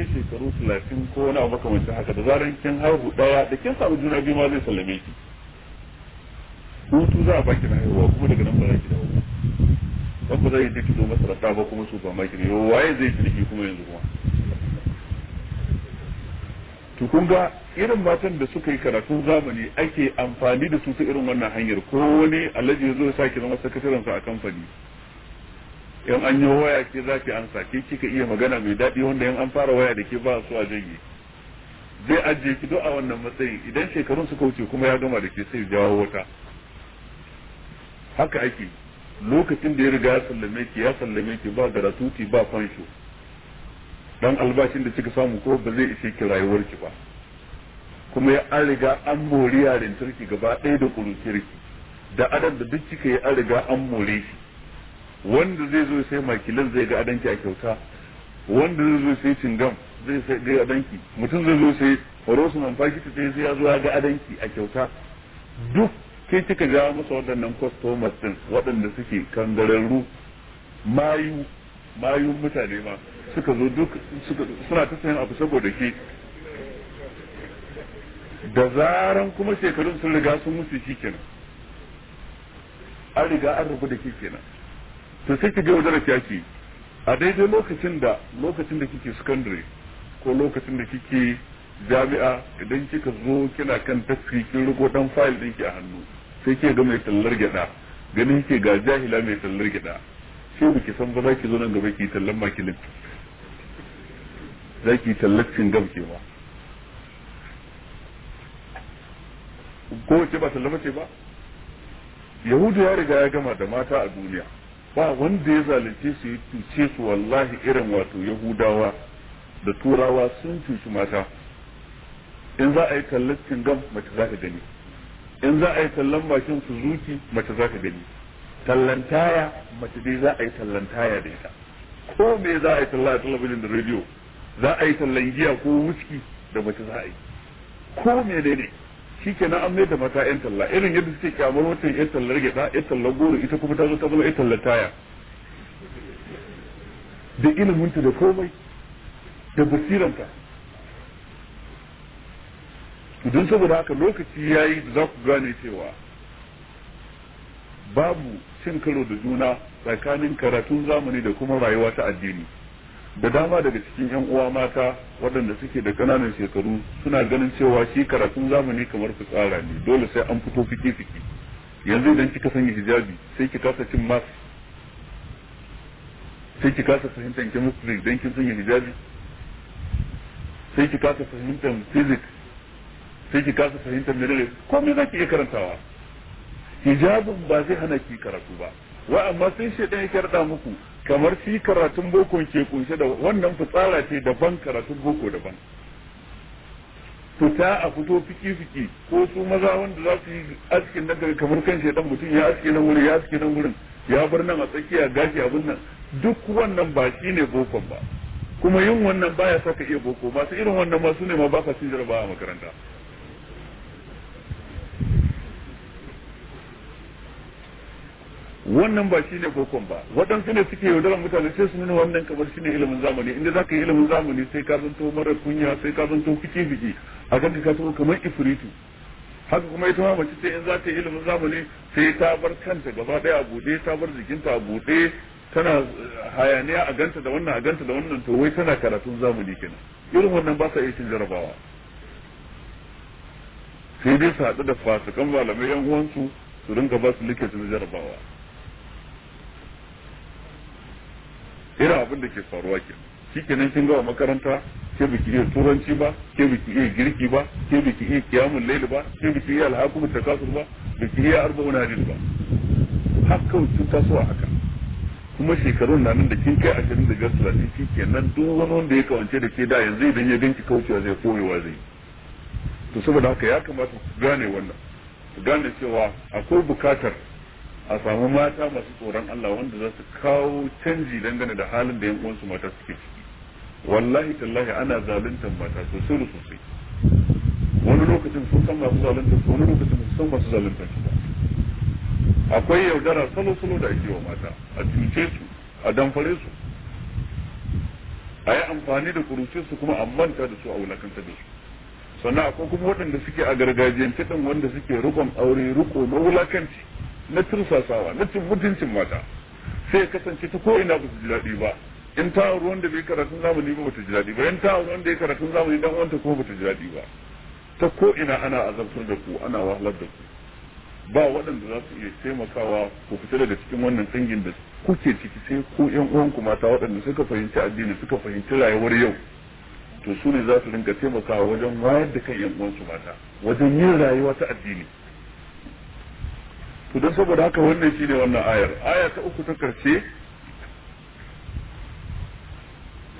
kai shekaru talatin ko wani abu makamancin haka da zaran kin haihu daya da kin samu juna biyu ma zai sallame ki hutu za a baki na haihuwa kuma daga nan ba za ki dawo ba ba zai yi ki zo ba kuma su ba maki yau waye zai ciniki kuma yanzu kuma to kun ga irin matan da suka yi karatun zamani ake amfani da su ta irin wannan hanyar ko wani alaji ya zo ya sake zama sakataren sa a kamfani yan an yi waya ke za ki ansa ke kika iya magana mai daɗi wanda in an fara waya da ke ba su a janye zai ajiye ki duk a wannan matsayin idan shekarun suka wuce kuma ya gama da ke sai jawo wata haka ake lokacin da ya riga ya sallame ki ya sallame ki ba ratuti ba fansho dan albashin da kika samu ko ba zai ishe ki rayuwar ki ba kuma ya an riga an mori yarin turki gaba ɗaya da kuruciyar da adam da duk kika yi an riga an more shi wanda zai zo sai makilan zai ga adanki a kyauta wanda zai zo sai cingam zai sai ga adanki mutum zai zo sai horosu man fakiti sai sai ya zo ya ga adanki a kyauta duk sai kika ja masa waɗannan customers din waɗanda suke kangararru mayu mayun mutane ma suka zo duk suna ta sayan abu saboda ke da zaran kuma shekarun sun riga sun mutu shi kenan an riga an rubu da ke kenan to sai ki ga yaudarar ki a daidai lokacin da lokacin da kike secondary ko lokacin da kike jami'a idan kika zo kina kan tafi kin riko dan file ki a hannu sai ke ga mai tallar gida ganin ke ga jahila mai tallar gyada sai ki san ba za ki zo nan gaba ki tallan makilin za ki tallacin gam ke ba ko ce ba tallama ce ba yahudu ya riga ya gama da mata a duniya ba wanda ya zalunce su ya cuce su wallahi irin wato yahudawa da turawa sun cuci mata in za a yi tallar cingam mace za ka gani in za a yi tallan bakin suzuki mace za ka gani tallan taya mace dai za a yi tallan taya da ita ko me za a yi talla a talabijin da rediyo za a yi tallan giya ko wuski da mace za a yi ko me daidai ke an mai da mata yan talla irin yadda suke kyamar watan yan tallar gida yan tallar goro ita kuma ta zo ta zama yan tallar taya da iliminta da komai da basiranta idan saboda haka lokaci ya yi da za ku gane cewa babu cin karo da juna tsakanin karatun zamani da kuma rayuwa ta addini da dama daga cikin yan uwa mata waɗanda suke da ƙananan shekaru suna ganin cewa shi karatun zamani kamar fitsara ne dole sai an fito fiki fiki yanzu idan kika sanya hijabi sai ki kasa cin mas sai ki kasa fahimtar chemistry idan kin sanya hijabi sai ki kasa fahimtar physics sai ki kasa fahimtar menene komai zaki iya karantawa hijabin ba zai hana ki karatu ba wa amma sai shi ɗaya ya kyarɗa muku kamar shi karatun boko ke kunshe da wannan fitsara ce daban karatun boko daban fita a fito fiki-fiki ko su maza wanda za su yi askin na gari kamar kan shaidan mutum ya aski nan wurin ya aski nan wurin ya bar nan a tsakiya gashi abin nan duk wannan ba shi ne bokon ba kuma yin wannan baya saka iya boko masu irin wannan ma su ne ma ba ka cin jarabawa a makaranta wannan ba shine bokon ba waɗansu ne suke yaudara mutane sai su nuna wannan kamar shine ilimin zamani inda zaka yi ilimin zamani sai ka zanto mara kunya sai ka zanto fice fice a kan ka taho kamar ifritu haka kuma ita ma mace sai in za ta yi ilimin zamani sai ta bar kanta gaba daya a buɗe ta bar jikinta a buɗe tana eh, hayaniya a ganta da wannan a ganta da wannan to wai tana karatun zamani kenan irin wannan ba sa iya cin jarabawa sai dai su haɗu da fasikan malamai yan uwansu su rinka ba su likita jarabawa irin abin da ke faruwa ke shikenan kin gawa makaranta ke biki iya turanci ba ke biki iya girki ba ke biki iya kiyamun laili ba ke biki iya alhakum takasur ba biki iya arba'un hadis ba har kawai kin taso a haka kuma shekarun na nan da kin kai ashirin da biyar talatin shi kenan duk wani wanda ya kawance da ke da yanzu idan ya ganki kaucewa zai koyewa zai to saboda haka ya kamata ku gane wannan ku gane cewa akwai bukatar a samu mata masu tsoron Allah wanda za su kawo canji dangane da halin da yan su mata suke ciki wallahi tallahi ana zaluntar mata sosai da sosai wani lokacin sun san masu zaluntar su wani lokacin sun san masu zaluntar su ba akwai yaudara salo-salo da ake wa mata a cuce su a damfare su a yi amfani da kuruce su kuma a manta da su a wulakanta da su sannan akwai kuma waɗanda suke a gargajiyance ɗin wanda suke rukon aure ruko na wulakanci na tursasawa na mutuncin mata sai kasance ta ko ina ba daɗi ba in ta ruwan da bai karatun zamani ba bata ji daɗi ba in ta ruwan da ya karatun zamani dan wanta kuma bata ji daɗi ba ta ko ina ana azabtar da ku ana wahalar da ku ba waɗanda za su iya taimakawa ku fita daga cikin wannan tsangin da kuke ciki sai ko yan uwanku mata waɗanda suka fahimci addini suka fahimci rayuwar yau to su ne za su rinka taimakawa wajen wayar da kan yan uwansu mata wajen yin rayuwa ta addini to don saboda haka wannan shine wannan ayar aya ta uku ta karshe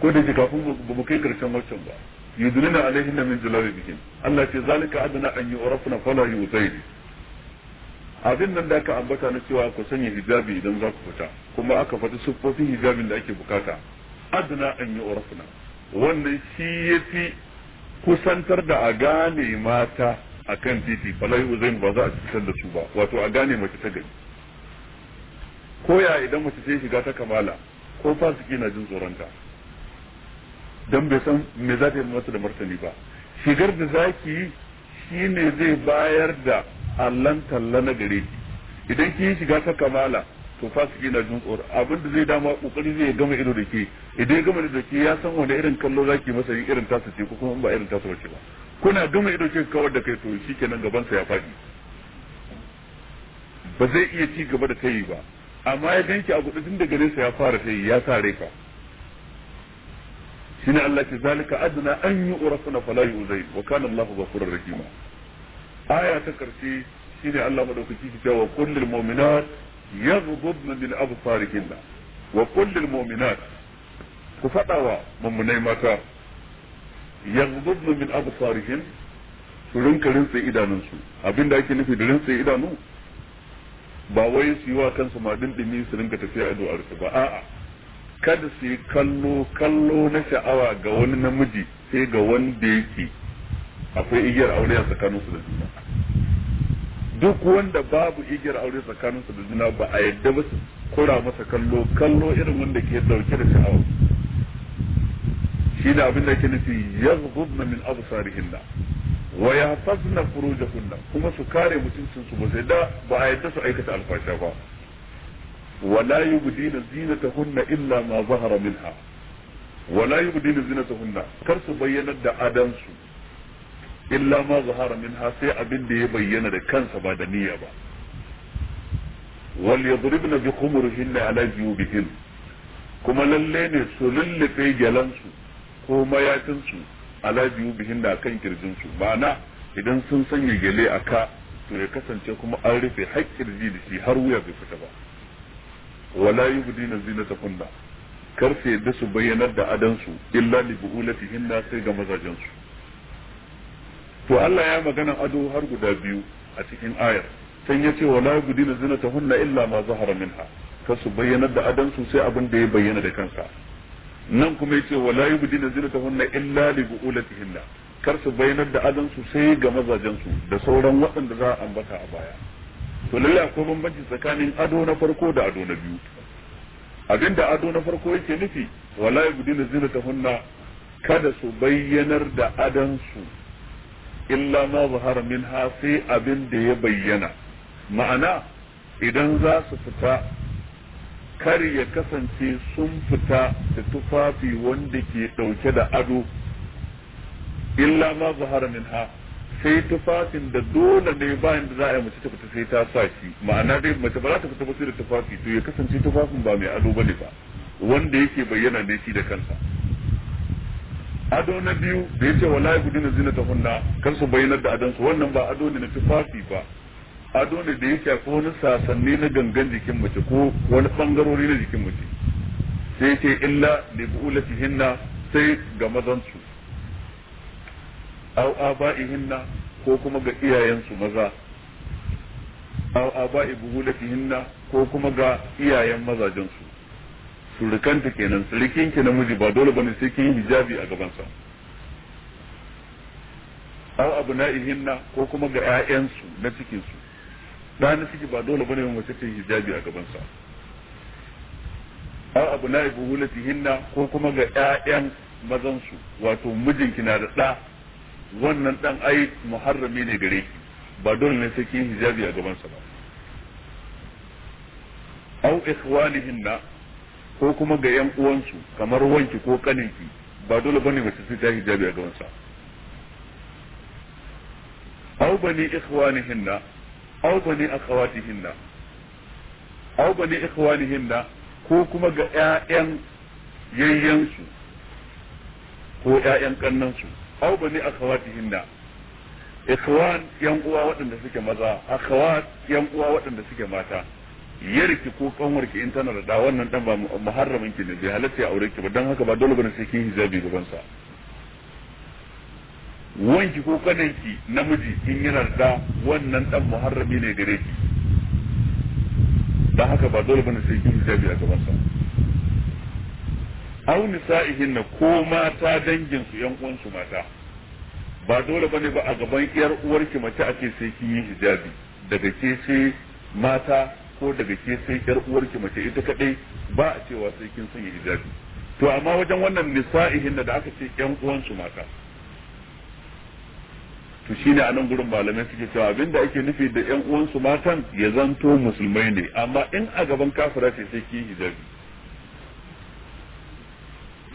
ko da ji kafin ba mu kai karshen waccan ba yudunina alaihin min jalabi bikin. Allah ce zalika adana an yi urafuna fala yuzaini abin nan da aka ambata na cewa ku sanya hijabi idan za ku fita kuma aka fata siffofin hijabin da ake bukata adana an yi urafuna wannan shi fi kusantar da a gane mata akan titi falai uzain ba za a cutar da su ba wato a gane mace ta gari koya idan mace ce shiga ta kamala ko fasiki na jin tsoronta dan bai san me za ta yi mata da martani ba shigar da zaki yi shine zai bayar da allan talla na gare ki idan ki shiga ta kamala to fasiki na jin tsoro abinda zai dama kokari zai gama ido da ke idan ya gama ido da ke ya san wani irin kallo zaki masa yi irin tasa ce ko kuma ba irin tasa ce ba kuna gama ido dauke kawar da kai to shikenan gabansa ya faɗi ba zai iya ci gaba da tayi ba amma ya ganki a gudu tun ganin sa ya fara tayi ya sa ka shine Allah ke zalika adna an yi urafuna fala zai wa kana Allahu ghafurur rahima aya ta karshe shine Allah madaukaki ki cewa kullul mu'minat yaghdudna min absarihinna wa kullul mu'minat ku fadawa mummunai mata yaghdudna min absarihim su rinka rintse idanunsu abinda ake nufi da rintse idanu ba wai su yi wa kansu ma dindimi su rinka tafiya ido a rufe ba a'a kada su yi kallo kallo na sha'awa ga wani namiji sai ga wanda yake akwai igiyar aure a tsakaninsu da juna duk wanda babu igiyar aure tsakaninsu da juna ba a yadda ba su kura masa kallo kallo irin wanda ke dauke da sha'awa shi da abin da ke nufi yaghudna min absarihinna wa yahfazna furujahunna kuma su kare mutuncin su ba sai da ba a yadda su aikata alfasha ba ولا يبدين زينتهن إلا ما ظهر منها ولا يبدين زينتهن كرس بينا دا أدنس إلا ما ظهر منها سي أبن دي بينا دا كنس بعد نيابة وليضربن بخمرهن على جيوبهن كما للين سلل في جلنسو ko mayafinsu ala biyu bihin da kan kirjinsu ma'ana idan sun sanya gele a ka to ya kasance kuma an rufe haƙƙin da shi har wuya bai fita ba wala yi ta kunna kar su yadda su bayyanar da adansu illa li bu'ulatihinna sai ga mazajensu to Allah ya magana ado har guda biyu a cikin ayar sai ya ce wala yi zina ta kunna illa ma zahara minha kar su bayyanar da adansu sai abin da ya bayyana da kansa nan kuma yace wala yubdina zinatahunna illa li bu'ulatihinna kar su bayyanar da adan su sai ga mazajen su da sauran waɗanda za a ambata a baya to lalle akwai bambanci tsakanin ado na farko da ado na biyu abinda ado na farko yake nufi wala yubdina zinatahunna kada su bayyanar da adan su illa ma zahara minha sai abin da ya bayyana ma'ana idan za su fita kar ya kasance sun fita da tufafi wanda ke dauke da ado illa ma zahara ha sai tufafin da dole ne bayan da za a yi mace ta fita sai ta sa shi ma'ana dai mace ba za ta fita ba sai da tufafi to ya kasance tufafin ba mai ado bane ba wanda yake bayyana ne shi da kansa ado na biyu da ya yace wala zina zinata hunna kar su bayyana da adansu wannan ba ado ne na tufafi ba ado ne da ya shafi wani sasanni na gangan jikin mace ko wani bangarori na jikin mace sai ce illa li hinna sai ga mazansu aw hinna ko kuma ga iyayensu maza aw aba'i hinna ko kuma ga iyayen mazajensu surukanta kenan surukinki namiji ba dole bane sai kin hijabi a gaban sa aw abna'ihinna ko kuma ga 'ya'yansu na cikin su da na ciki ba dole bane mace ta hijabi a gaban sa aw abu na ibu hinna ko kuma ga ƴaƴan mazan su wato mijinki na da ɗa wannan ɗan ai muharrami ne gare ki ba dole ne sai kin hijabi a gaban sa ba aw ikhwanihinna ko kuma ga ƴan uwansu kamar wanki ko kaninki ba dole bane mace sai ta hijabi a gaban sa aw bani ikhwanihinna aw bani akhawatihinna aw bani ikhwanihinna ko kuma ga ƴaƴan yayyansu ko ƴaƴan kannansu aw bani akhawatihinna ikhwan yan uwa waɗanda suke maza akhawat yan uwa waɗanda suke mata yarki ko kanwarki in tana da wannan dan ba muharramin ki ne bai halatta ya aure ki ba dan haka ba dole bane sai kin hijabi gaban sa wanki ko kananki namiji in yana da wannan dan muharrami ne gare ki dan haka ba dole bane sai kin jabi a gaban sa aw nisa'ihin ko mata dangin su yan uwan su mata ba dole bane ba a gaban iyar uwarki mace ake sai kin yi hijabi daga ke sai mata ko daga ke sai iyar uwarki mace ita kadai ba a cewa sai kin sanya hijabi to amma wajen wannan nisa'ihin da aka ce yan uwan su mata to shi ne a nan gurin malamai suke cewa abinda ake nufi da ƴan uwansu matan ya zanto musulmai ne amma in a gaban kafira ce sai ki hijabi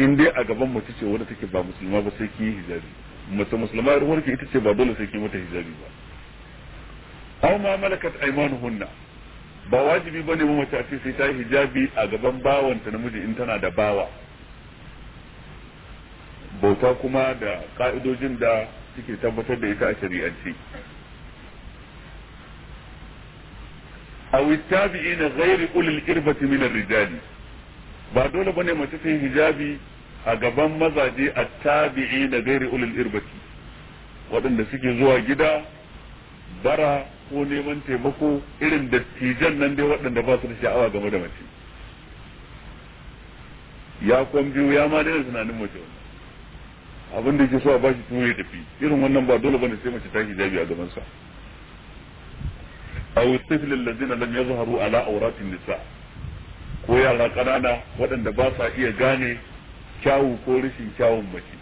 in dai a gaban mace ce wadda take ba musulma ba sai ki hijabi mace musulma yar uwarki ita ce ba dole sai ki mata hijabi ba aw ma malakat aymanuhunna ba wajibi ba ne mace ce sai ta hijabi a gaban bawanta namiji in tana da bawa bauta kuma da ka'idojin da suke tabbatar da ita a shari'ance tabi'i na gairi ulil irbati min ar ba dole bane mace ta hijabi a gaban mazaje a tabi'i na ghayr ulil irbati waɗanda suke zuwa gida bara ko neman taimako irin dattijan nan dai waɗanda ba su da sha'awa game da mace ya kwan biyu ya ma daina tunanin mace abin da yake so a bashi tuwo ya tafi irin wannan ba dole bane sai mace ta hijabi a gaban sa aw tifl alladhina lam yazharu ala awratin nisa ko yara kanana waɗanda ba sa iya gane kyawu ko rashin kyawun mace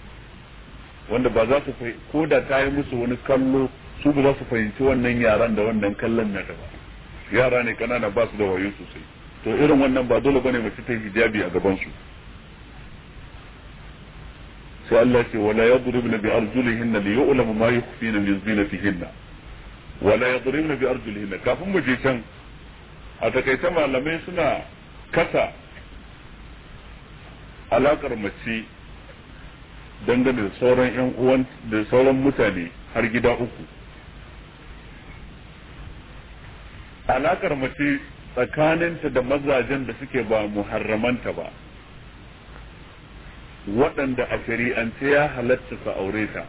wanda ba za su ko da ta yi musu wani kallo su ba za su fahimci wannan yaran da wannan kallon na da ba yara ne kanana ba su da wayo sosai to irin wannan ba dole bane mace ta hijabi a gaban su to Allah ce wala yadribna bi arjulihinna li yu'lama ma yukhfina min zinatihinna wala yadribna bi arjulihinna kafin mu je can a takaice malamai suna kasa alakar mace dangane sauran yan uwan da sauran mutane har gida uku alakar mace tsakaninta da mazajen da suke ba muharramanta ba waɗanda a shari'ance ya halatta su aure ta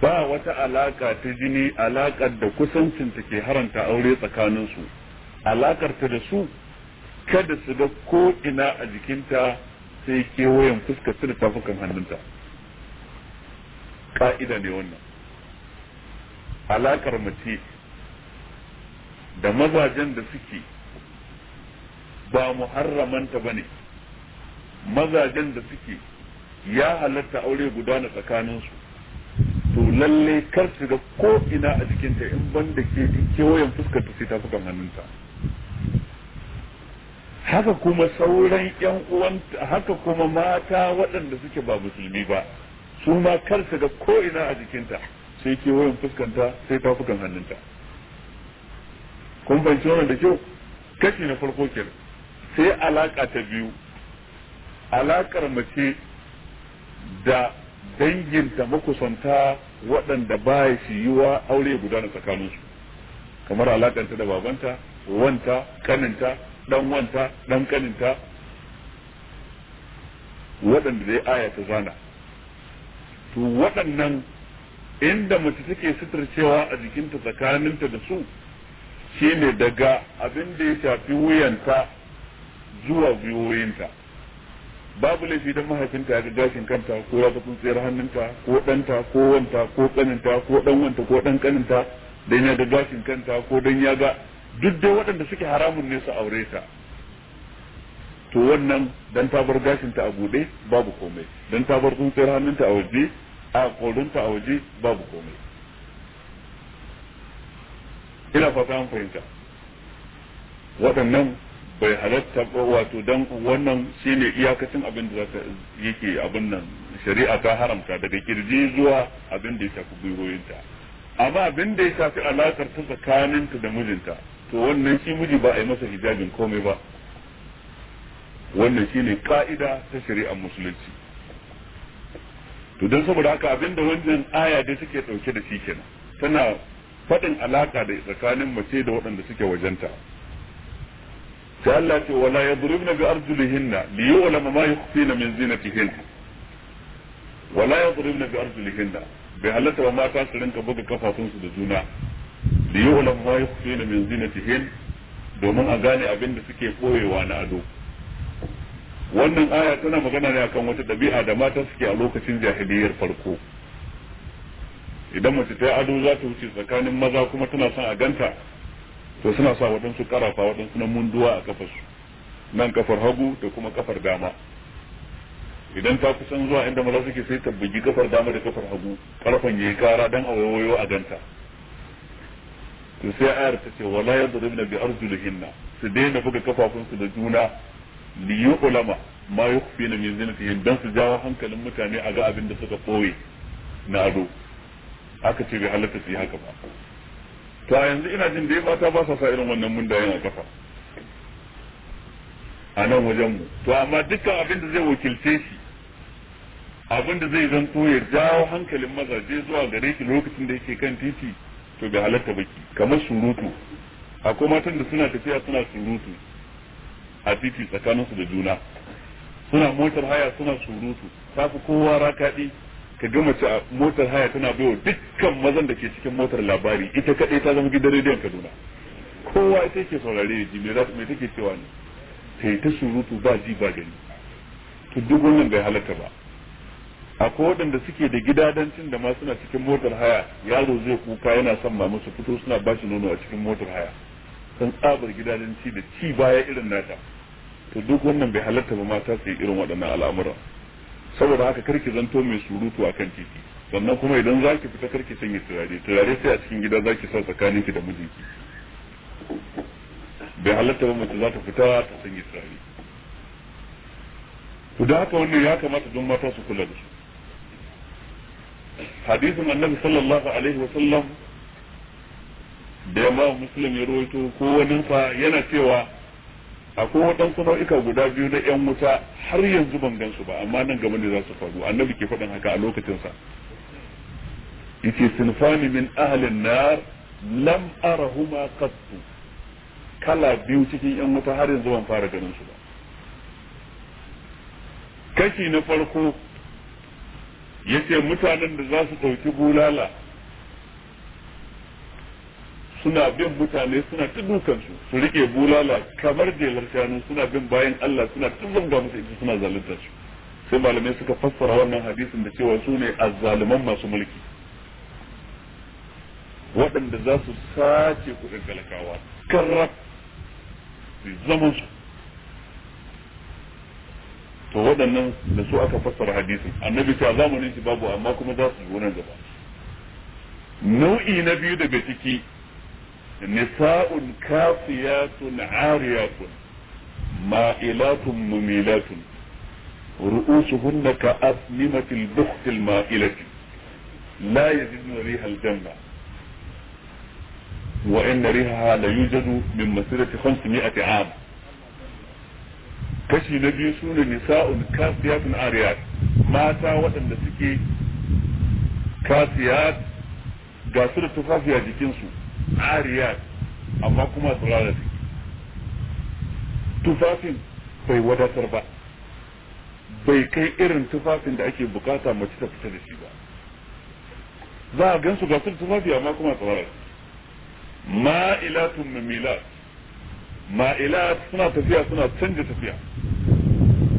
ba wata alaka ta jini alakar da kusancinta ke haranta aure tsakaninsu alakar ta da su kada su ga ko ina a jikinta sai kewayen fuskar da tafukan hannunta ka'ida ne wannan alakar mace da mazajen da suke ba muharramanta ba ne mazajen da suke ya halatta aure na tsakaninsu to lalle kar su ga ko ina a jikinta in ban da ke kewayen fuskar ta sai ta fukan hannunta haka kuma sauran yan uwan haka kuma mata waɗanda suke ba musulmi ba su ma kar su ga ko ina a jikinta sai kewayen fuskanta sai ta fukan hannunta kun ban wannan da kyau kashi na farko kenan sai alaka ta biyu alakar mace da danginta makusanta waɗanda ba ya yiwa aure na tsakaninsu kamar alakanta da babanta wanta kaninta dan wanta dan kaninta waɗanda dai aya ta zana to waɗannan inda mace take suturcewa a jikinta tsakaninta da su shine daga abin da ya shafi wuyanta zuwa gwiwoyinta babu laifi don mahaifinta ya ga gashin kanta ko ya ga tsayar hannunta ko ɗanta ko wanta ko ƙaninta ko ɗan wanta ko ɗan ƙaninta don ya ga gashin kanta ko don ya ga duk dai waɗanda suke haramun ne su aure ta to wannan dan ta bar gashinta a buɗe babu komai dan ta bar tsuntsiyar hannunta a waje a korinta a waje babu komai ina fata an fahimta waɗannan bai halatta ba wato dan wannan shine iyakacin abin da zaka yake abin nan shari'a ta haramta daga kirji zuwa abin da ya shafi gwiwoyinta amma abin da ya shafi alakar ta tsakaninta da mijinta to wannan shi miji ba a yi masa hijabin komai ba wannan shine ka'ida ta shari'ar musulunci to dan saboda haka abin da wannan aya da take dauke da shi kenan tana faɗin alaka da tsakanin mace da waɗanda suke wajenta sai Allah ce wala yadribna bi na li yu'lama ma yukhfina min zinatihinna wala yadribna bi na bai halatta ba mata su rinka buga kafafunsu da juna li yu'lama ma na min zinatihin domin a gane abin da suke koyewa na ado wannan aya tana magana ne akan wata dabi'a da mata suke a lokacin jahiliyar farko idan mace ta ado za ta wuce tsakanin maza kuma tana son a ganta to suna sa waɗansu karafa waɗansu na munduwa a kafarsu nan kafar hagu da kuma kafar dama idan ta kusan zuwa inda maza suke sai tabbiji kafar dama da kafar hagu karfan yayi kara dan a wayoyo a ganta to sai ayar ta ce wala yadribna bi hinna su daina buga kafafunsu da juna li yu'lama ma yukhfina min hin dan su jawo hankalin mutane a ga abin da suka koye na ado aka ce bai halatta su yi haka ba to a yanzu ina jin da ya mata ba sa sa irin wannan da yana kafa a nan wajenmu to amma dukkan abin da zai wakilce shi abin da zai zanto ya jawo hankalin mazaje zuwa gare shi lokacin da yake kan titi to bai halatta baki kamar surutu akwai matan da suna tafiya suna surutu a titi tsakaninsu da juna suna motar haya suna surutu ta fi kowa rakaɗi ka ga mace a motar haya tana baiwa dukkan mazan da ke cikin motar labari ita kadai ta zama gidan rediyon Kaduna kowa ita ke saurare ya ji me za me take cewa ne ta yi ta surutu ba ji ba gani to duk wannan bai halatta ba akwai waɗanda suke da gidadancin da ma suna cikin motar haya yaro zai kuka yana son mama su fito suna ba shi nono a cikin motar haya san tsabar gidadanci da ci baya irin nata to duk wannan bai halatta ba mata su yi irin waɗannan al'amuran saboda haka karki zanto mai surutu kan titi sannan kuma idan za ki fita karki sanya turare turare sai a cikin gida za ki sa tsakaninki da mijinki bai halatta ba mace za ta fita ta sanya turare to da haka wannan ya kamata don mata su kula da su hadisin annabi sallallahu alaihi wa sallam da ma muslim ya rawaito ko wani yana cewa akwai waɗansu nau'ika guda biyu na 'yan wuta har yanzu ban gan su ba amma nan gaba ne za su faru annabi ke faɗin haka a lokacinsa yace sinfani min ahlin nar lam arahuma qattu kala biyu cikin 'yan wuta har yanzu ban fara ganin su ba kashi na farko yace mutanen da za su ɗauki bulala suna bin mutane suna ta dukansu su rike bulala kamar jelar shanu suna bin bayan Allah suna ta zanga musu ita suna zalunta su sai malamai suka fassara wannan hadisin da cewa su ne azzaluman masu mulki waɗanda za su sace kuɗin galakawa karraf zaman su to waɗannan da su aka fassara hadisin annabi ta zamanin shi babu amma kuma za su yi nan gaba nau'i na biyu daga ciki نساء كافيات عاريات مائلات مميلات رؤوسهن كأسنمة البخت المائلة لا يجدن ريها الجنة وإن ريها لا يوجد من مسيرة خمسمائة عام كشي نبي سون نساء كافيات عاريات ما تاوت نسكي كافيات قاسرة كافيات جنسو ariyat amma kuma tsirara su tufafin bai wadatar ba bai kai irin tufafin da ake bukata mace ta fita da shi ba za a gansu ga sun tufafi amma kuma tsirara ma'ilatun mamilat ma'ilat suna tafiya suna canja tafiya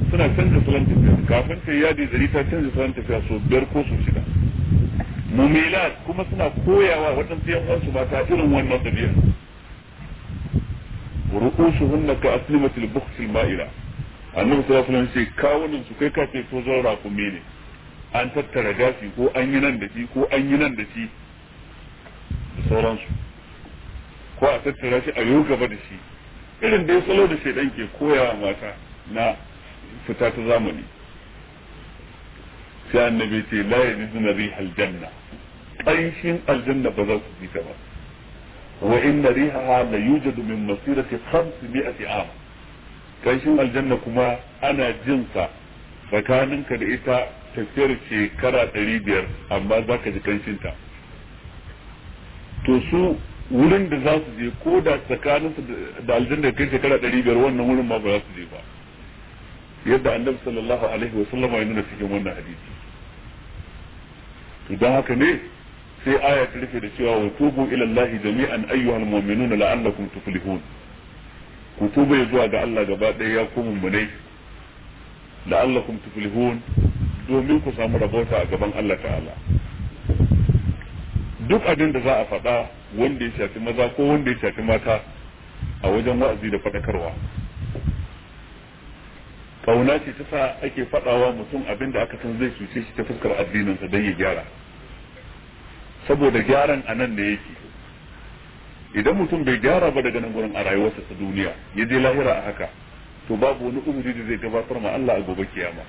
suna canza salon tafiya kafin ta yadi zari ta canza salon tafiya so biyar ko so shida mumilat kuma suna koyawa waɗansu yan uwansu mata irin wannan dabi'a na ka aslimatil bukhsil ma'ira. annabi sallallahu alaihi wasallam ce kawunan su kai kace to zan rakumi ne an tattara gashi ko an yi nan da shi ko an yi nan da shi da sauransu ko a tattara shi a yi gaba da shi irin da salo da shaidan ke koyawa mata na fita ta zamani sai annabi ce la zina rihal janna ƙanshin aljanna ba za su ji ta ba wa inna rihaha la yujadu min masirati 500 am ƙanshin aljanna kuma ana jin sa ka da ita tafiyar shekara ɗari biyar amma za ka ji ƙanshin ta to su wurin da za su je ko da tsakanin da aljanna kai shekara ɗari biyar wannan wurin ma ba za su je ba yadda annabi sallallahu alaihi wa sallama ya nuna cikin wannan hadisi idan haka ne sai aya ta rufe da cewa wa tubu ila Allah jami'an ayyuhal mu'minuna la'allakum tuflihun ku tuba zuwa ga Allah gaba ɗaya ya ku mummunai la'allakum tuflihun domin ku samu rabota a gaban Allah ta'ala duk abin da za a faɗa wanda ya shafi maza ko wanda ya shafi mata a wajen wa'azi da faɗakarwa kauna ce ta sa ake faɗawa mutum abin da aka san zai cuce shi ta fuskar addininsa don ya gyara saboda gyaran a nan ne yake idan mutum bai gyara ba daga nan gurin a rayuwarsa ta duniya ya je lahira a haka to babu wani umuri da zai gabatar ma Allah a gobe kiyama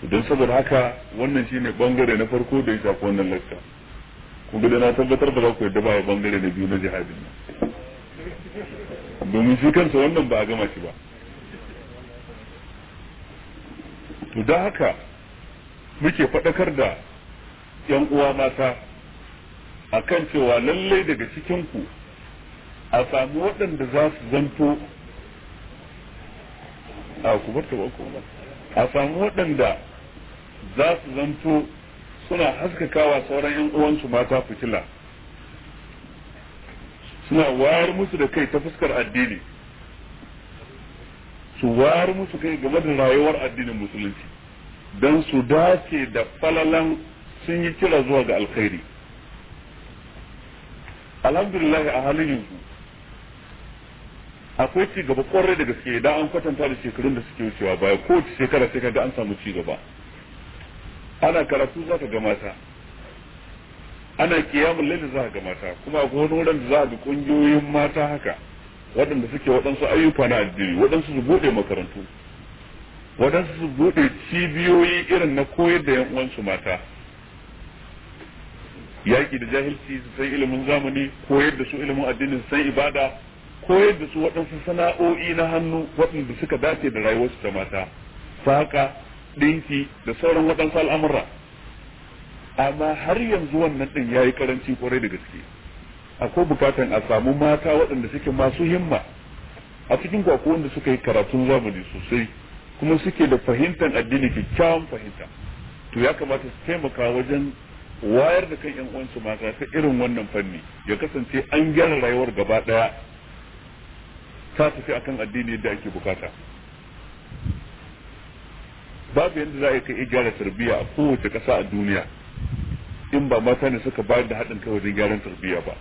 to don saboda haka wannan shine bangare na farko da ya shafi wannan lakka kuma da na tabbatar da za ku yadda ba bangare na biyu na jihadin nan domin shi kansa wannan ba a gama shi ba to da haka muke faɗakar da ‘yan uwa mata a kan cewa lallai daga cikinku a samu waɗanda za su zanto a kubar ta a samu waɗanda za su zanto suna haskakawa sauran ‘yan uwansu mata fitila. suna wayar musu da kai ta fuskar addini su wayar musu kai game da rayuwar addinin musulunci don su dace da falalan sun yi kira zuwa ga alkhairi alhamdulillah a halin yanzu akwai ci gaba kwarai da gaske idan an kwatanta da shekarun da suke wucewa baya kowace shekara sai ga an samu ci gaba ana karatu za ka ga mata ana kiyamun laili za ga mata kuma a wani wurin da za ga kungiyoyin mata haka waɗanda suke waɗansu ayyuka na addini waɗansu su buɗe makarantu waɗansu su buɗe cibiyoyi irin na koyar da uwansu mata yaƙi da jahilci su san ilimin zamani koyar da su ilimin addini su san ibada koyar da su waɗansu sana'o'i na hannu waɗanda suka dace da rayuwarsu da mata saƙa ɗinki da sauran waɗansu al'amura amma har yanzu wannan din yayi karanci kwarai da gaske akwai bukatan a samu mata waɗanda suke masu himma a cikin ku akwai wanda suka yi karatun zamani sosai kuma suke da fahimtar addini kyakkyawan fahimta to ya kamata su taimaka wajen wayar da kan 'yan uwansu mata ta irin wannan fanni ya kasance an gyara rayuwar gaba ɗaya ta tafi akan addini yadda ake bukata babu yadda za a yi ka gyara tarbiyya a kowace ƙasa a duniya in ba mata ne suka bayar da haɗin kai wajen gyaran tarbiyya ba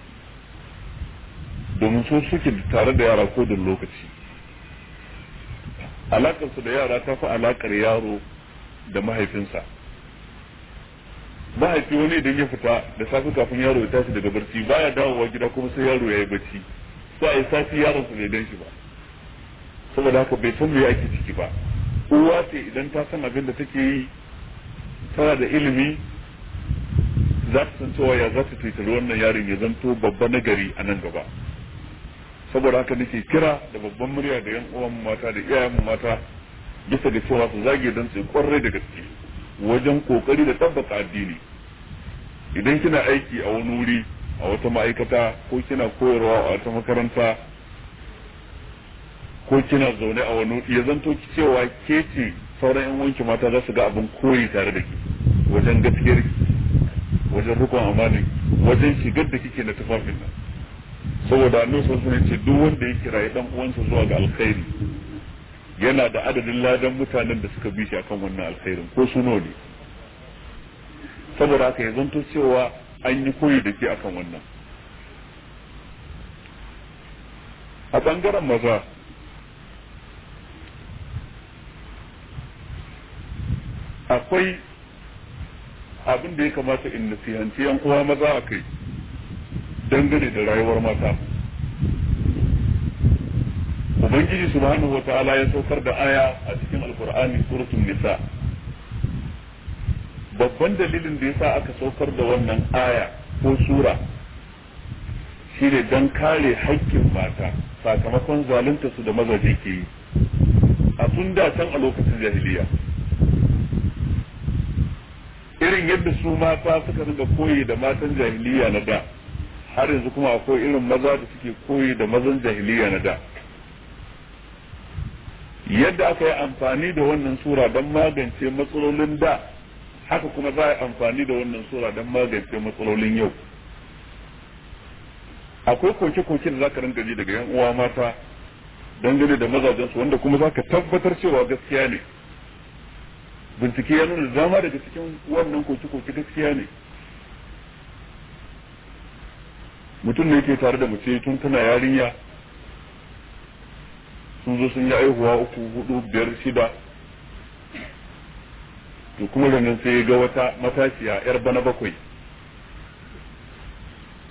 domin su suke tare da yara ko da lokaci alakarsu da yara ta fi alakar yaro da mahaifinsa mahaifi wani idan ya fita da safe kafin yaro ya tashi daga barci baya dawowa gida kuma sai yaro ya yi barci sai ya safi yaron su bai dan shi ba saboda haka bai san me ake ciki ba uwa ce idan ta san abin da take yi tana da ilimi za su san cewa ya za su taitari wannan yarin ya zanto babba na gari a nan gaba saboda haka nake kira da babban murya da yan uwan mata da iyayen mata bisa da cewa su zage don su kwarai da gaske wajen kokari da tabbata addini idan kina aiki a wani wuri a wata ma'aikata ko kina koyarwa a wata makaranta ko kina zaune a wani ya zanto cewa ke ce sauran yan wanki mata za su ga abin koyi tare da ke wajen gaskiyar wajen rukun amanin wajen shigar da kike na tufafin nan saboda annabi sallallahu alaihi wasallam duk wanda ya kirayi dan uwansa zuwa ga alkhairi yana da adadin ladan mutanen da suka bi shi akan wannan alkhairin ko su nawa ne saboda haka ya zanto cewa an yi koyi da ke akan wannan a bangaren maza akwai abin da ya kamata in nasihanci yan uwa maza a kai dangane da rayuwar mata ubangiji subhanahu ta'ala ya saukar da aya a cikin alkur'ani suratul nisa babban dalilin da yasa aka saukar da wannan aya ko sura shine don kare haƙƙin mata sakamakon zalunta su da mazaje ke yi a tun da can a lokacin jahiliya irin yadda su mata suka rinka koyi da matan jahiliya na da har yanzu kuma akwai irin maza da suke koyi da mazan jahiliya na da yadda aka yi amfani da wannan sura don magance matsalolin da haka kuma za a yi amfani da wannan sura don magance matsalolin yau akwai koke-koke da za ka rinka ji daga 'yan uwa mata dangane da mazajensu wanda kuma za ka tabbatar cewa gaskiya ne bincike ya nuna zama daga cikin wannan koke-koke gaskiya ne mutum ne ke tare da mace tun tana yarinya sun zo sun yi aihuwa uku hudu biyar shida to kuma nan sai ya ga wata matashiya yar bana bakwai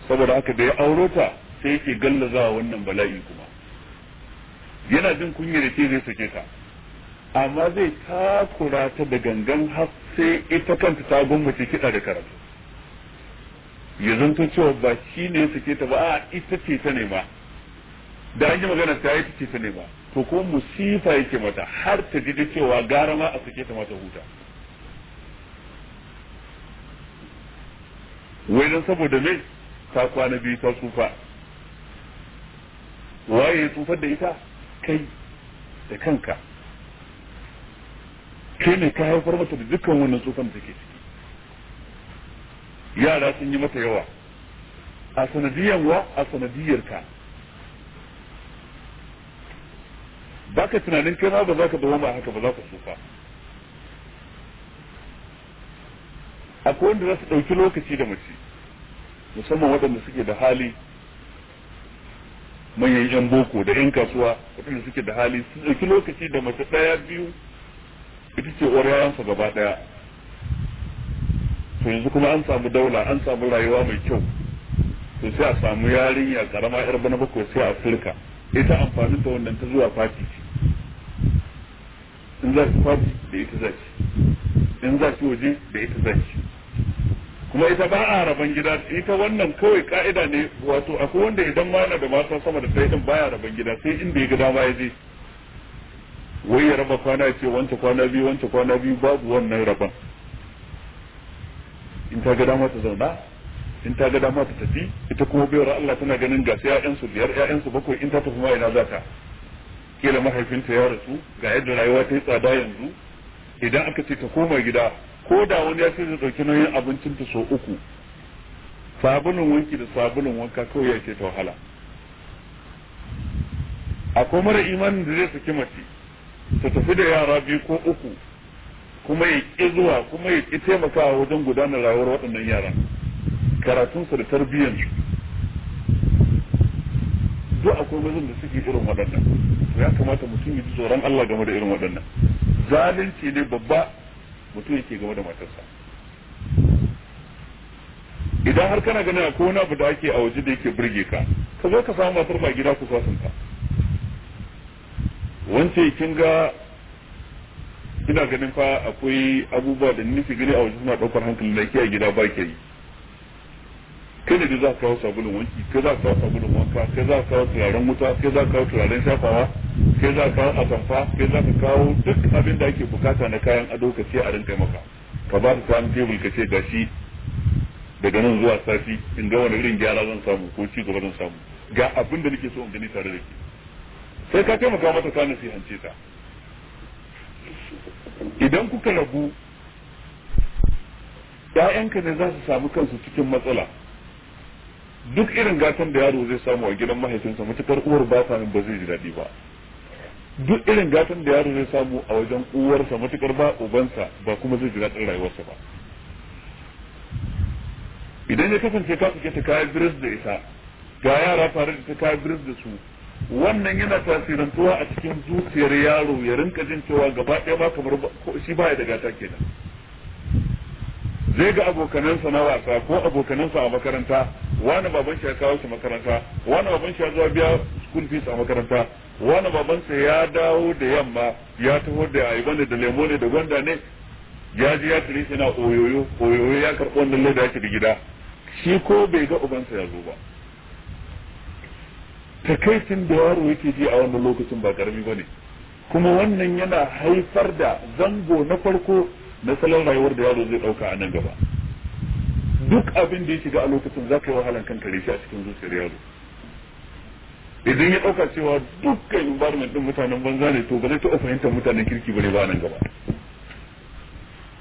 saboda haka da ya auro ta sai yake gallazawa wannan bala'i kuma yana jin kunya da ce zai sake ta amma zai takura ta da gangan har sai ita kanta ta gwammace kiɗa da karatu ya zanto cewa ba shi ne suke ta ba a ita ce ta nema da an yi magana ta ita ce ta nema to ko musifa yake mata har ta ji cewa gara ma a suke ta mata huta wai dan saboda me ta kwana biyu ta tsufa waye ya tsufar da ita kai da kanka kai ne ka haifar mata da dukkan wannan tsufan da take ciki yara sun yi mata yawa a sanadiyar wa a sanadiyar ka ba ka tunanin kai ba za ka ba haka ba za ka tsufa akwai wanda za su ɗauki lokaci da mace musamman waɗanda suke da hali manyan yan boko da yan kasuwa waɗanda suke da hali su ɗauki lokaci da mace ɗaya biyu ita ce uwar gaba daya to yanzu kuma an samu daula an samu rayuwa mai kyau to sai a samu yarinya karama yar bana bakwai sai a firka ita amfani da wannan ta zuwa fati in za ki fati da ita za ki in za ki waje da ita za ki kuma ita ba a raban gida ita wannan kawai ka'ida ne wato akwai wanda idan ma yana da mata sama da ɗaya din baya raban gida sai inda ya ga ma ya je wai ya raba kwana ce wanta kwana biyu wanta kwana biyu babu wannan rabon in ta ga dama ta zauna in ta ga dama ta tafi ita kuma bayar Allah tana ganin ga sai ƴaƴansu biyar ƴaƴansu bakwai in ta tafi ma ina za ta kila mahaifinta ya rasu ga yadda rayuwa ta yi tsada yanzu idan aka ce ta koma gida ko da wani ya ce zai ɗauki nauyin abincin ta so uku sabulun wanki da sabulun wanka kawai ya ce ta wahala akwai mara imanin da zai saki mace ta tafi da yara biyu ko uku kuma ya ƙi zuwa kuma ya ƙi taimakawa wajen gudanar rayuwar waɗannan yaran karatunsu da tarbiyyarsu duk akwai wajen da suke irin waɗannan to ya kamata mutum ya ji tsoron Allah game da irin waɗannan zalunci ne babba mutum yake game da matarsa idan har kana ganin akwai wani abu da ake a waje da yake burge ka ka zo ka samu matar ba gida ku sasanta wance kin ga ina ganin fa akwai abubuwa da nufi gani a wajen suna ɗaukar hankali na kiyaye gida ba ke yi kai ne da za ka kawo sabulun wanki kai za ka kawo sabulun wanka kai za ka kawo turaren wuta kai za ka kawo turaren shafawa kai za ka kawo atamfa kai za ka kawo duk abin da ake bukata na kayan ado ka ce a rinka maka ka ba ta samun tebul ka ce gashi daga nan zuwa sati in ga wani irin gyara zan samu ko ci gaba zan samu ga abin da nake so in gani tare da ke sai ka taimaka mata ka nasihance ta idan kuka rabu ‘ya'yanka ne za su samu kansu cikin matsala duk irin gatan da yaro zai samu a gidan mahaifinsa matukar uwar ba ta ba zai ji daɗi ba duk irin gatan da yaro zai samu a wajen uwarsa matukar ba ubansa ba kuma zai ji daɗin rayuwarsa ba idan ya kasance ka suke ta kayan biris da ita ga yara tare da ta kayan biris da su wannan yana tasirantuwa a cikin zuciyar yaro ya rinka jin cewa gaba ɗaya ma kamar shi baya da ke nan zai ga abokanansa na wasa ko abokanansa a makaranta wani baban shi ya kawo shi makaranta wani baban shi ya zo biya school fees a makaranta wani baban sa ya dawo da yamma ya taho da ayaba ne da lemo ne da gwanda ne ya ji ya tare shi na oyoyo oyoyo ya karɓo wannan leda shi da gida shi ko bai ga ubansa ya zo ba takaicin da yaro yake ji a wannan lokacin ba karami ne kuma wannan yana haifar da zango na farko na salon rayuwar da yaro zai ɗauka a nan gaba duk abin da ya shiga a lokacin za ka yi wahalan kan kare shi a cikin zuciyar yaro idan ya ɗauka cewa dukkan environment din mutanen banza ne to ba zai taɓa fahimtar mutanen kirki ba ne ba nan gaba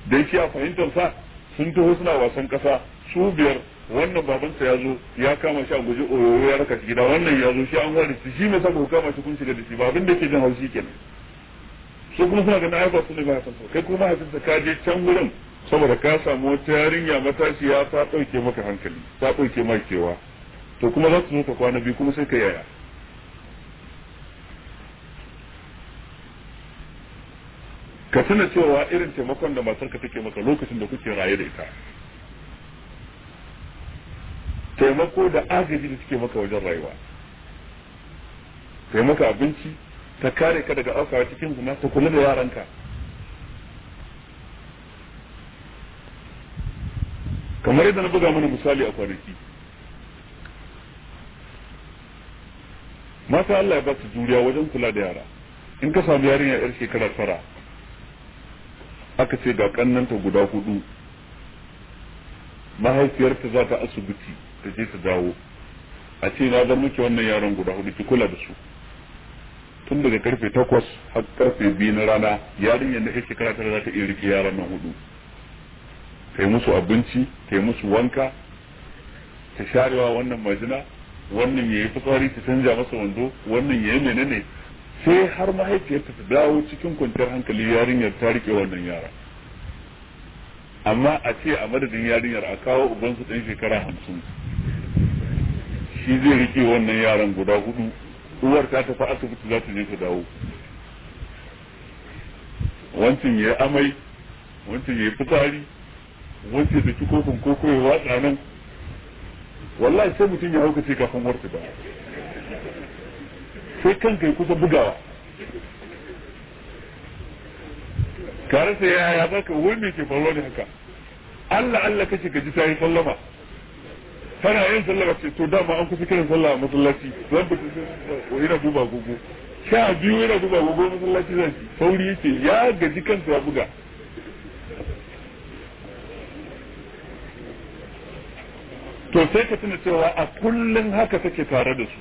dan shi a fahimtar sa sun taho suna wasan ƙasa su biyar wannan babansa ya zo ya kama shi a guji oyoyo ya raka gida wannan ya zo shi an ware su shi mai saboda kama shi kun shiga da shi ba abin da ke jin haushi kenan su kuma suna ganin ai ba su ne ba su kai kuma haifinsa ka je can wurin saboda ka samu wata yarinya ya ta dauke maka hankali ta dauke maka kewa to kuma za su zo ka kwana biyu kuma sai ka yaya ka tuna cewa irin taimakon da matarka take maka lokacin da kuke raye da ita taimako da agaji da suke maka wajen rayuwa taimaka maka abinci ta kare ka daga aukawa cikin guma ta kula da yaranka kamar yadda na buga mana misali a kwanaki mata Allah ya ba su juriya wajen kula da yara in ka samu yarinya yar shekara tara aka ce ga kannanta guda hudu mahaifiyarta za ta asibiti su je su dawo a ce na zan muke wannan yaran guda hudu ki kula da su tun daga karfe takwas har karfe biyu na rana yarinyar na shekara tara za ta iya rike yaran nan hudu ta yi musu abinci ta yi musu wanka ta sharewa wannan majina wannan ya yi fitsari ta canja masa wando wannan ya yi menene sai har mahaifiyarta ta dawo cikin kwanciyar hankali yarinyar ta rike wannan yara amma a ce a madadin yarinyar a kawo ubansu ɗan shekara hamsin shi zai rike wannan yaran guda hudu uwar ta tafi asibiti za ta je ta dawo wancan ya amai wancan ya fitari wancan da kofin ko kawai watsa nan wallahi sai mutum ya haukace kafin warta ba sai kanka ya kusa bugawa ka rasa ya baka ka wai ke faruwa ne haka Allah Allah kace ka ji sai sallama kana yin sallah ce to dama an kusa kiran sallah a masallaci zan fita ina buba gugu sha biyu ina buba gugu masallaci zan ci sauri yake ya gaji kansa ya buga to sai ka tuna cewa a kullum haka take tare da su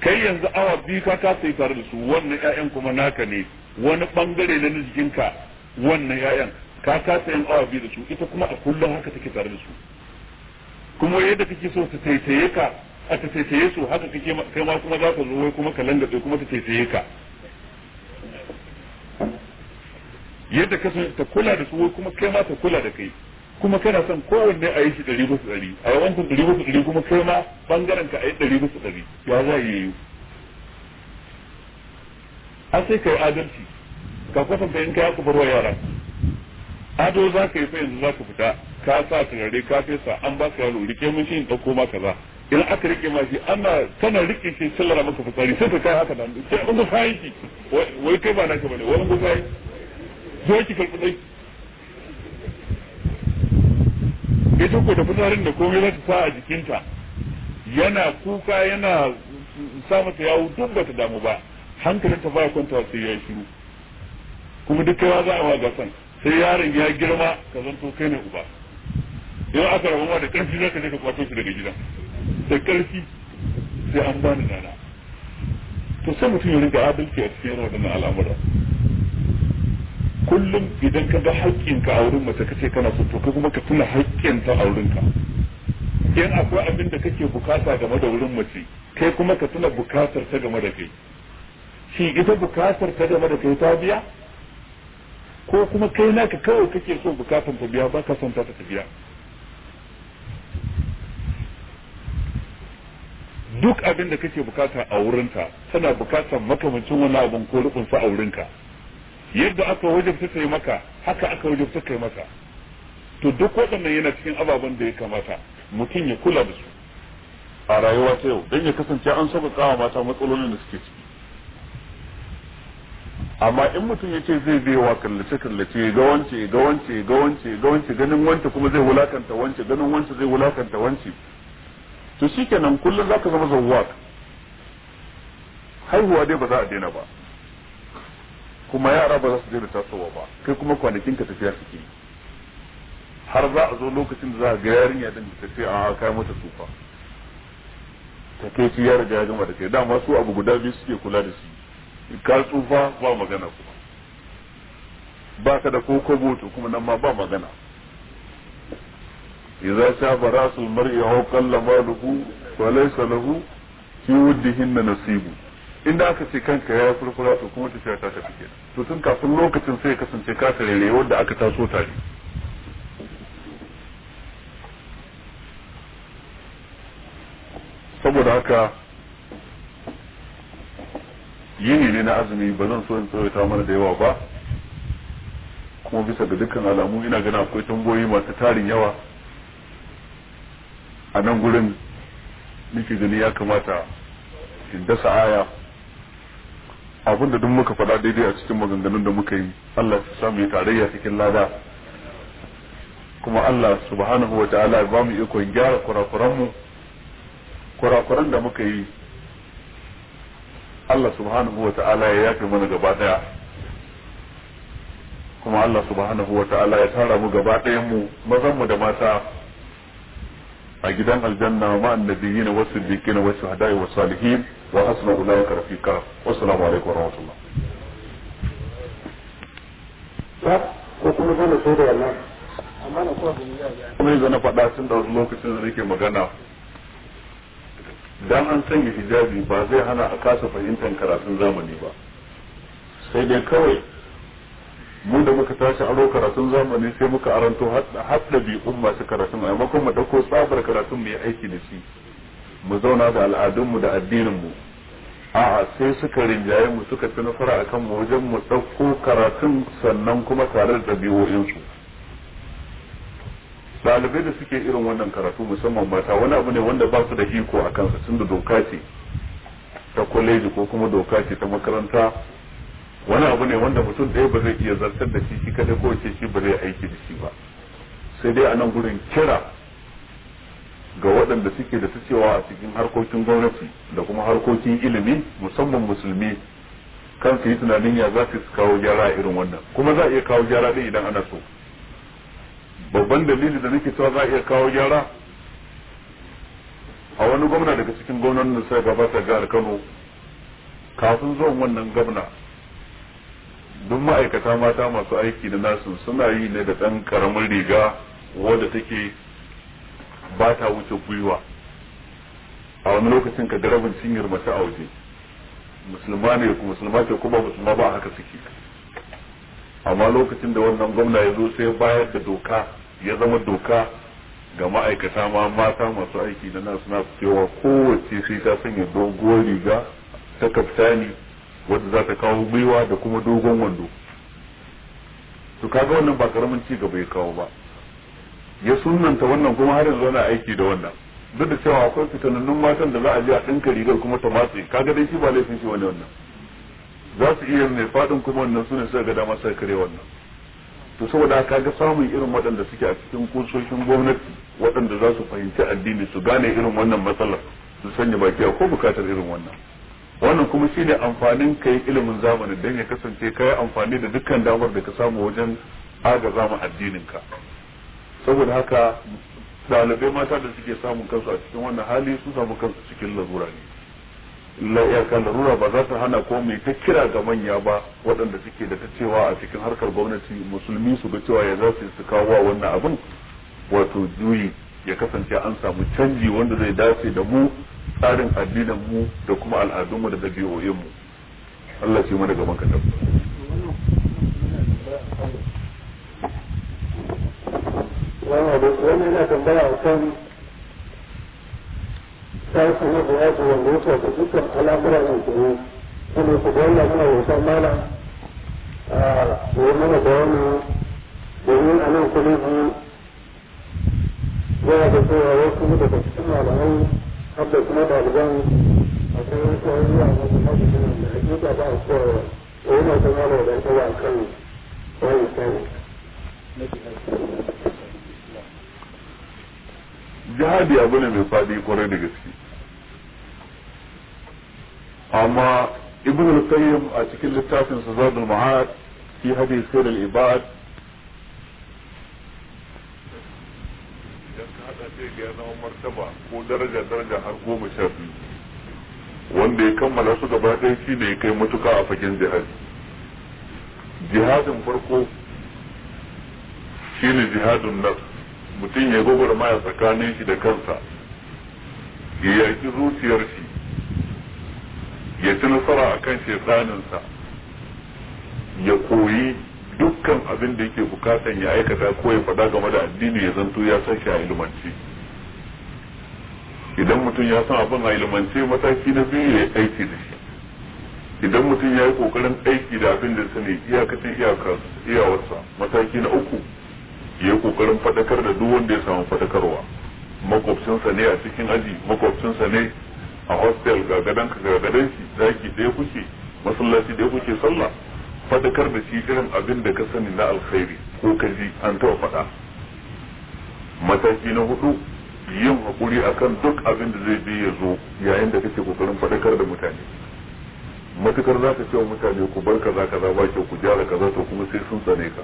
kai yanzu awa biyu ka kasa tare da su wannan ƴaƴan kuma naka ne wani bangare na jikinka wannan ƴaƴan ka kasa yin awa biyu da su ita kuma a kullum haka take tare da su kuma yadda kake so su taitaye ka a ta taitaye su haka kake kai ma kuma za ka zo wai kuma ka kai kuma ta taitaye ka yadda ka ta kula da su wai kuma kai ma ta kula da kai kuma kana son kowanne a yi shi ɗari bisa ɗari a yawancin ɗari bisa ɗari kuma kai ma bangaren ka a yi ɗari bisa ɗari ya za yi yi a sai ka yi adalci ka kwatanta in ka ya kubarwa yara ado za ka yi fa yanzu za ka fita ka sa turare ka fi sa an ba ka yaro rike mun shi in dauko ma kaza idan aka rike ma shi ana kana rike shi sallara maka fitsari sai ka kai haka nan sai an gufa yake wai kai ba na ka bane wai an gufa yake zo ki karbi dai ita ko da fitsarin da komai za ta sa a jikinta yana kuka yana sa mata yawo duk ba ta damu ba hankalinta ba ya kwanta sai ya shiru kuma duk kai za a ma gasan sai yaron ya girma ka zanto kai ne uba yau aka rabuwa da karfi zaka je ka kwato shi daga gida da karfi sai an bani nana to sai mutum ya rinka adalci a cikin waɗannan al'amura kullum idan ka ga haƙƙinka a wurin mace kace kana so to ka kuma ka tuna haƙƙinta a wurin ka in akwai abin da kake bukata game da wurin mace kai kuma ka tuna bukatar ta game da kai shi ita bukatar ta game da kai ta biya ko kuma kai naka kawai kake so bukatar ta biya ba ka son ta ta biya duk abin da kake bukata a wurinka tana bukatar makamancin wani abin ko rukunsa a wurinka yadda aka wajabta kai maka haka aka wajabta kai maka to duk waɗannan yana cikin ababen da ya kamata mutum ya kula da su a rayuwa ta yau don ya kasance an saba kawo mata matsalolin da suke ciki amma in mutum ya ce zai bai wa kallace kallace ga wance ga wance ga wance ga wance ganin wance kuma zai wulakanta wance ganin wance zai wulakanta wance to shi kenan kullum zaka zama zawwaq haihuwa dai ba za a daina ba kuma yara ba za su daina tasowa ba kai kuma kwanakin ka tafiya suke har za a zo lokacin da za a ga yarinya da ta ce a kai mata tsufa ta kai ci yara gama da kai dama su abu guda biyu suke kula da su ka tsufa ba magana kuma ba ka da ko kobo to kuma nan ma ba magana idza shaba ra'sul mar'i aw qalla maluhu fa laysa lahu fi wuddihinna nasibu inda aka ce kanka ya furfura to kuma tafiya ta tafi kenan to tun kafin lokacin sai kasance ka tarere wanda aka taso tare saboda haka yini ne na azumi ba zan so in tsawaita mana da yawa ba kuma bisa ga dukkan alamu ina ganin akwai tamboyi masu tarin yawa a nan gurin nake gani ya kamata in dasa aya abin da duk muka faɗa daidai a cikin maganganun da muka yi Allah ya samu ya tarayya cikin lada kuma Allah subhanahu wa ta'ala ya bamu ikon gyara kurakuranmu kurakuran da muka yi Allah subhanahu wa ta'ala ya yafe mana gaba daya kuma Allah subhanahu wa ta'ala ya tara mu gaba mu mazan mu da mata a gidan aljanna ma annabiyina wa siddiqina wa shuhada'i wa salihin wa hasuna ulaika rafiqa wa assalamu alaikum wa rahmatullah ko kuma zan so da wannan amma na ko bin ya ya kuma da lokacin da nake magana dan an sanya hijabi ba zai hana a kasa fahimtar karatun zamani ba sai dai kawai mu da muka tashi aro karatun zamani sai muka aranto hadda bi umma su karatun a kuma mu dauko tsabar karatun mu aiki da shi mu zauna da al'adunmu da addininmu a'a sai suka rinjaye mu suka fi fara akan mu wajen mu ɗauko karatun sannan kuma tare da ɗabi'o'insu ɗalibai da suke irin wannan karatu musamman mata wani abu ne wanda ba su da iko a kansa da doka ce ta kwaleji ko kuma doka ce ta makaranta wani abu ne wanda mutum ɗaya ba zai iya zartar da shi shi kaɗai ko ce shi ba zai aiki da shi ba sai dai a nan gurin kira ga waɗanda suke da su cewa a cikin harkokin gwamnati da kuma harkokin ilimi musamman musulmi kan su yi tunanin ya za su kawo gyara a irin wannan kuma za a iya kawo gyara ɗin idan ana so babban dalili da nake cewa za a iya kawo gyara a wani gwamna daga cikin nan sai gabata jihar kano kafin zuwan wannan gwamna duk ma'aikata mata masu aiki da nasu suna yi ne da ɗan karamin riga wadda take ba ta wuce gwiwa a wani lokacin ka garabin cinyar mace a waje musulma ne ku musulma ce kuma musulma ba haka suke amma lokacin da wannan gwamna ya zo sai bayar da doka ya zama doka ga ma'aikata ma mata masu aiki na nasu na cewa kowace sai ta sanya doguwar riga ta kaftani wadda za ta kawo gwiwa da kuma dogon wando su kaga wannan ba karamin ci gaba ya kawo ba ya sunanta wannan kuma har yanzu ana aiki da wannan duk da cewa akwai fitanannun matan da za a je a ɗinka rigar kuma ta matse kaga dai shi ba laifin shi wani wannan za su iya mai faɗin kuma wannan su ne suka ga dama sai kare wannan to saboda ga samun irin waɗanda suke a cikin kusoshin gwamnati waɗanda za su fahimci addini su gane irin wannan matsalar su sanya baki a ko bukatar irin wannan wannan kuma shine amfanin ka yi ilimin zamani don ya kasance ka yi amfani da dukkan damar da ka samu wajen agaza ma addinin ka saboda haka dalibai mata da suke samun kansu a cikin wannan hali su samu kansu cikin larura ne la larura ba za ta hana ko mai ta kira ga manya ba waɗanda suke da ta cewa a cikin harkar gwamnati musulmi su ga cewa ya za su kawo wannan abin wato juyi ya kasance an samu canji wanda zai dace da mu tsarin addinin mu da kuma al'adun mu da dabi'o'in mu Allah shi mana gaban kadan wannan yana tambaya a kan sashen na buwatu wanda ya shafi dukkan al'amura ne ke yi kuma ku ga wannan muna wasan mana a yi mana da wani domin a nan kuma za ga cewa wasu daga cikin malamai har da kuma ɗaliban akwai wasu wani a wasu masu da hakika ba a kowa da yana kuma da da ta ba kan wani tsari. jihadi abu ne mai faɗi kwarai da gaske amma ibn al-qayyim a cikin littafin sa zadul ma'ad fi hadith khair al-ibad kammala su gaba ɗaya shi ne kai matuka a fagen jihadi jihadin farko shi ne jihadin nas mutum ya gobar maya tsakanin shi da kansa ya yaki zuciyar shi ya ci nasara a kan shekaninsa ya koyi dukkan abin da yake bukatan ya aikata ko ya faɗa game da addini ya zanto ya san shi a ilmanci idan mutum ya san abin a ilmance mataki na biyu ya aiki da shi idan mutum ya yi kokarin aiki da abin da sani iyakacin iyawarsa mataki na uku ya yi kokarin fadakar da duk wanda ya samu fadakarwa makwabcinsa ne a cikin aji makwabcinsa ne a hostel ga gadan ka ga gadan shi zaki ɗaya kuke masallaci ɗaya kuke sallah fadakar da shi irin abin da ka sani na alkhairi ko ka ji an taɓa faɗa mataki na hudu yin hakuri akan duk abin da zai bi ya zo yayin da kake kokarin faɗakar da mutane matukar za ka ce wa mutane ku bar kaza kaza ba kyau ku gyara kaza to kuma sai sun tsane ka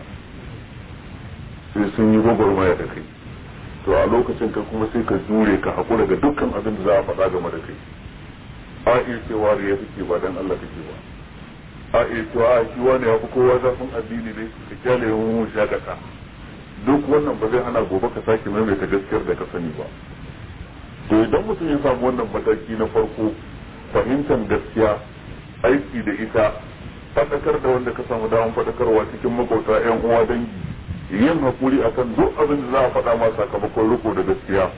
sai sun yi gwagwarmaya da kai to a lokacin ka kuma sai ka jure ka hakura ga dukkan abin da za a faɗa game da kai a iya cewa da ya fice ba dan Allah kake ba a iya cewa a shi wani ya fi kowa zafin addini ne ka kyale mu shakata duk wannan ba zai hana gobe ka sake maimaita gaskiyar da ka sani ba to idan mutum ya samu wannan mataki na farko fahimtar gaskiya aiki da ita faɗakar da wanda ka samu damar faɗakarwa cikin makauta yan uwa dangi yin hakuri akan duk abin da za a faɗa ma sakamakon riko da gaskiya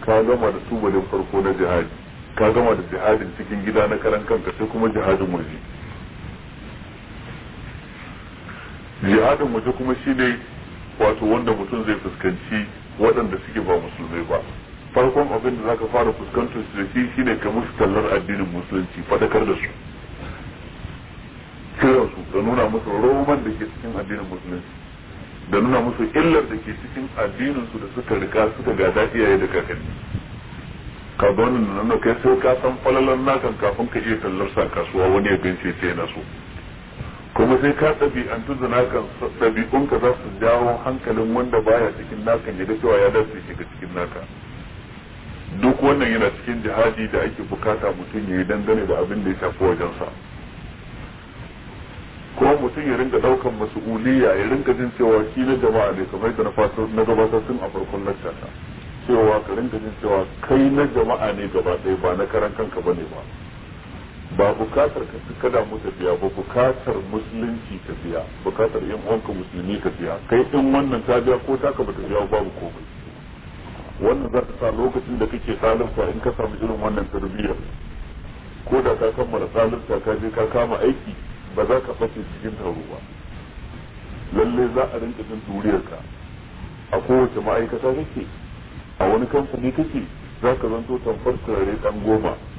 ka gama da tubalin farko na jihadi ka gama da jihadin cikin gida na karan kanka sai kuma jihadin waje jihadin waje kuma shine wato wanda mutum zai fuskanci waɗanda suke ba musulmai ba farkon abin da zaka fara fuskantar su da shi shine ka musu tallar addinin musulunci fadakar da su kira su da nuna musu roman da ke cikin addinin musulunci da nuna musu illar da ke cikin addinin su da suka rika suka gada iyaye da kakanni ka wannan nan kai sai ka san falalan nakan kafin ka iya tallar sa kasuwa wani ya gance ce na so kuma sai ka tsabi an zinakan naka ɗabi'unka za su jawo hankalin wanda baya cikin naka ya da cewa ya dace shiga cikin naka duk wannan yana cikin jihadi da ake bukata mutum ya yi dangane da abin da ya shafi wajensa ko mutum ya rinka daukan mas'uliyya ya rinka jin cewa shi na jama'a ne kamar da na gabatar sun a farkon lakta cewa ka rinka jin cewa kai na jama'a ne gaba ɗaya ba na karan kanka bane ba ba bukatar ka kada mu tafiya ba bukatar musulunci ka biya bukatar yan uwanka musulmi ka biya kai in wannan ta biya ko ta ba ta biya babu komai wannan za ta sa lokacin da kake salunta in ka samu irin wannan tarbiyyar ko da ka kammala salunta ka je ka kama aiki ba za ka fashe cikin taro ba lalle za a rinka jin ka a kowace ma'aikata kake a wani kamfani kake za ka zanto tamfar turare dan goma